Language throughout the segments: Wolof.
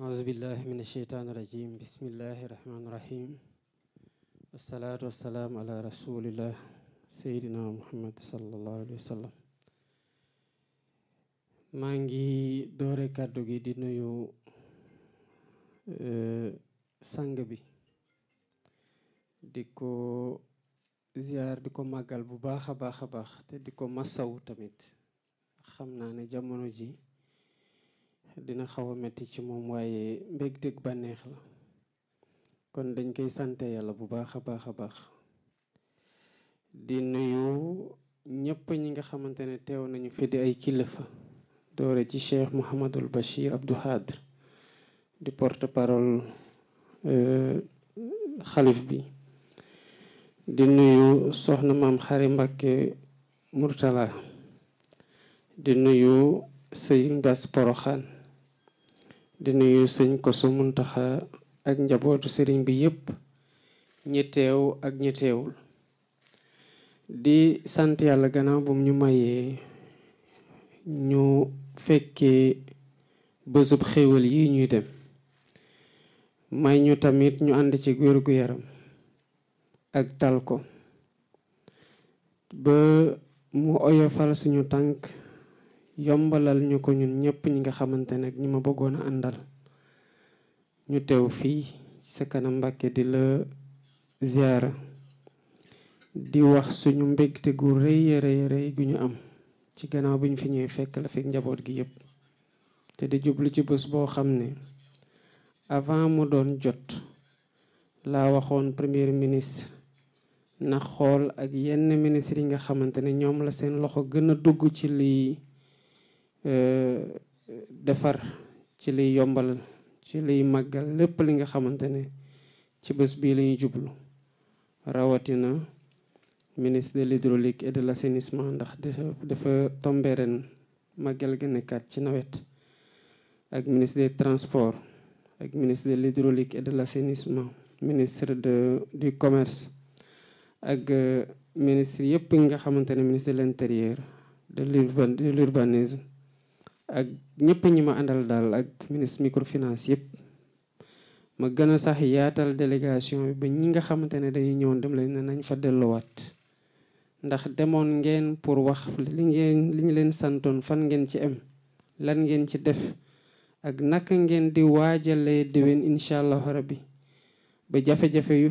أعوذ بالله من الشيطان الرجيم بسم الله الرحمن الرحيم والصلاة والسلام على رسول الله سيدنا محمد صلى الله عليه وسلم maa ngi doore kàddu gi di nuyu eh, sang bi di ko ziar di ko màggal bu baax a baax a baax te di ko masaw tamit xam naa ne jamono ji dina xaw a metti ci moom waaye mbégteeg bànneex la kon dañ koy sante yàlla bu baax a baax a baax di nuyu ñëpp ñi nga xamante ne teew nañu fi di ay kilifa doore ci cheikh Mouhamadul Bachir Abdou Khadr di porte parole euh, xalif bi di nuyu soxna maam xari Mbàkke Murtala di nuyu sëy Mbass Poroxaan di nuyu sëñ Koso Muntaxa ak njabootu sëriñ bi yëpp ñi ak ñi di sant yàlla gannaaw bum ñu mayee ñu fekkee bésub xéewal yi ñuy dem may ñu tamit ñu ànd ci wérgu yaram ak tal ko ba mu oyofal suñu tànk yombalal ñu ko ñun ñëpp ñi nga xamante ne ñu ma bëggoon a àndal ñu teew fii ci sa kanam Mbàkke di la ziara di wax suñu mbégte gu rëy rëy rëy gu ñu am ci gannaaw bi ñu fi ñuy fekk la fekk njaboot gi yëpp te di jublu ci bés boo xam ne avant mu doon jot laa waxoon premier ministre na xool ak yenn ministre yi nga xamante ne ñoom la seen loxo gën a dugg ci lii defar ci liy yombal ci liy màggal lépp li nga xamante ne ci bés bii lañu jublu rawatina ministre de l'hydraulique et de l'assainissement ndax dafa tombé ren màggal ga nekkaat ci nawet ak ministre des transports ak ministre de l'hydraulique et de l'assainissement ministre de du commerce ak euh, ministre yëpp nga xamante ne ministre de l'intérieur de l'urbanisme ak ñëpp ñi ma àndal daal ak ministre microfinance yëpp ma gën a sax yaatal délégation bi ba ñi nga xamante ne dañuy ñëwoon dem leen ne nañ fa delluwaat ndax demoon ngeen pour wax li ngeen li leen santoon fan ngeen ci em lan ngeen ci def ak naka ngeen di waajalee déwén incha allah rabbi ba jafe-jafe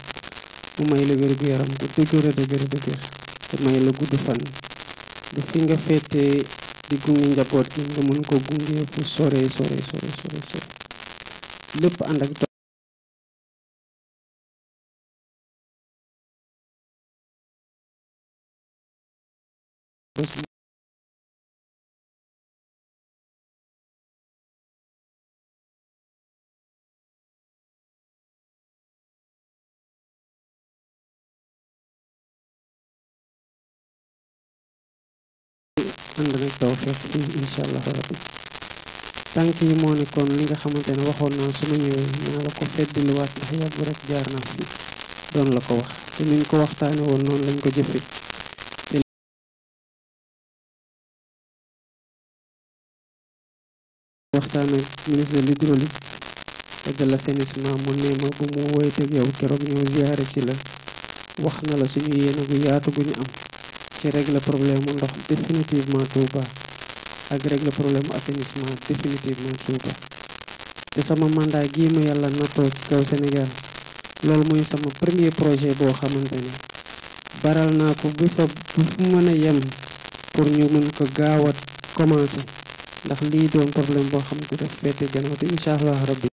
mu may la wér gu yaram gu dëgër a dëgër a dëgër te may la gudd fan bu fi nga féete di gunge njaboot gi nga mën ko gunge fu sore sore sore sore lépp ànd ak ànd nag tawfeex incha allah rabbi tànk yi moo nekkoon li nga xamante ne waxoon naa su ñëwee naa la ko feddiliwaat ndax yàgg rek jaar naa fi doon la ko wax te niñ ko waxtaane lañ ko jëfee waxtaan ak ministre de l'hydraulique et de mu ne ma bu mu woyteeg yow ñëw ziare ci la wax na la suñu yéene yaatu gu ñu am ci régler problème mu ndox définitivement Touba ak régler problème mu assainissement définitivement Touba te sama mandat gii ma yàlla nattoo ci kaw Sénégal loolu mooy sama premier projet boo xamante ne baral naa ko bu fa bu fu a yem pour ñu mën ko gaaw a commencé ndax lii doon problème boo xam ne daf féete gannaaw te incha allah rabbi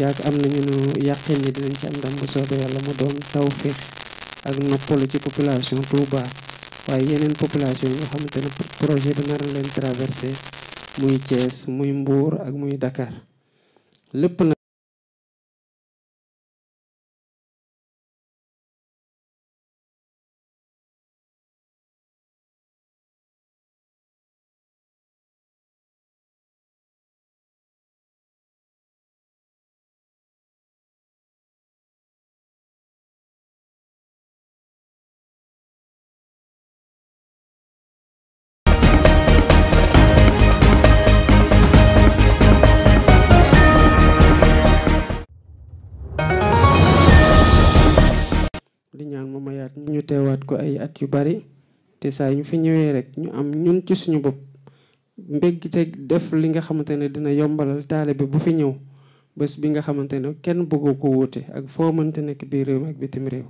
yaag am nañu nu yàqin ni dinañ ci am ndam bu soobee yàlla mu doon taw ak noppalu ci population Touba waaye yeneen population yi nga xamante ne projet bi nar leen traversé muy Thiès muy Mbour ak muy Dakar lépp nag mayaat ñu teewaat ko ay at yu bari te saa ñu fi ñëwee rek ñu am ñun ci suñu bopp mbég te def li nga xamante ne dina yombalal taalibe bu fi ñëw bés bi nga xamante ne kenn bëggu ko wuute ak foo mënte nekk biir réew mi ak bitim réew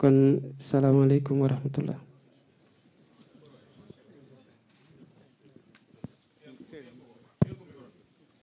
kon salaamaaleykum wa rahmatullah